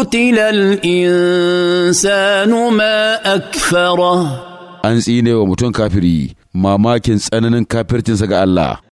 قتل الإنسان ما أكفره أنسيني ومتون كافري ما mamakin tsananin kafircinsa ga الله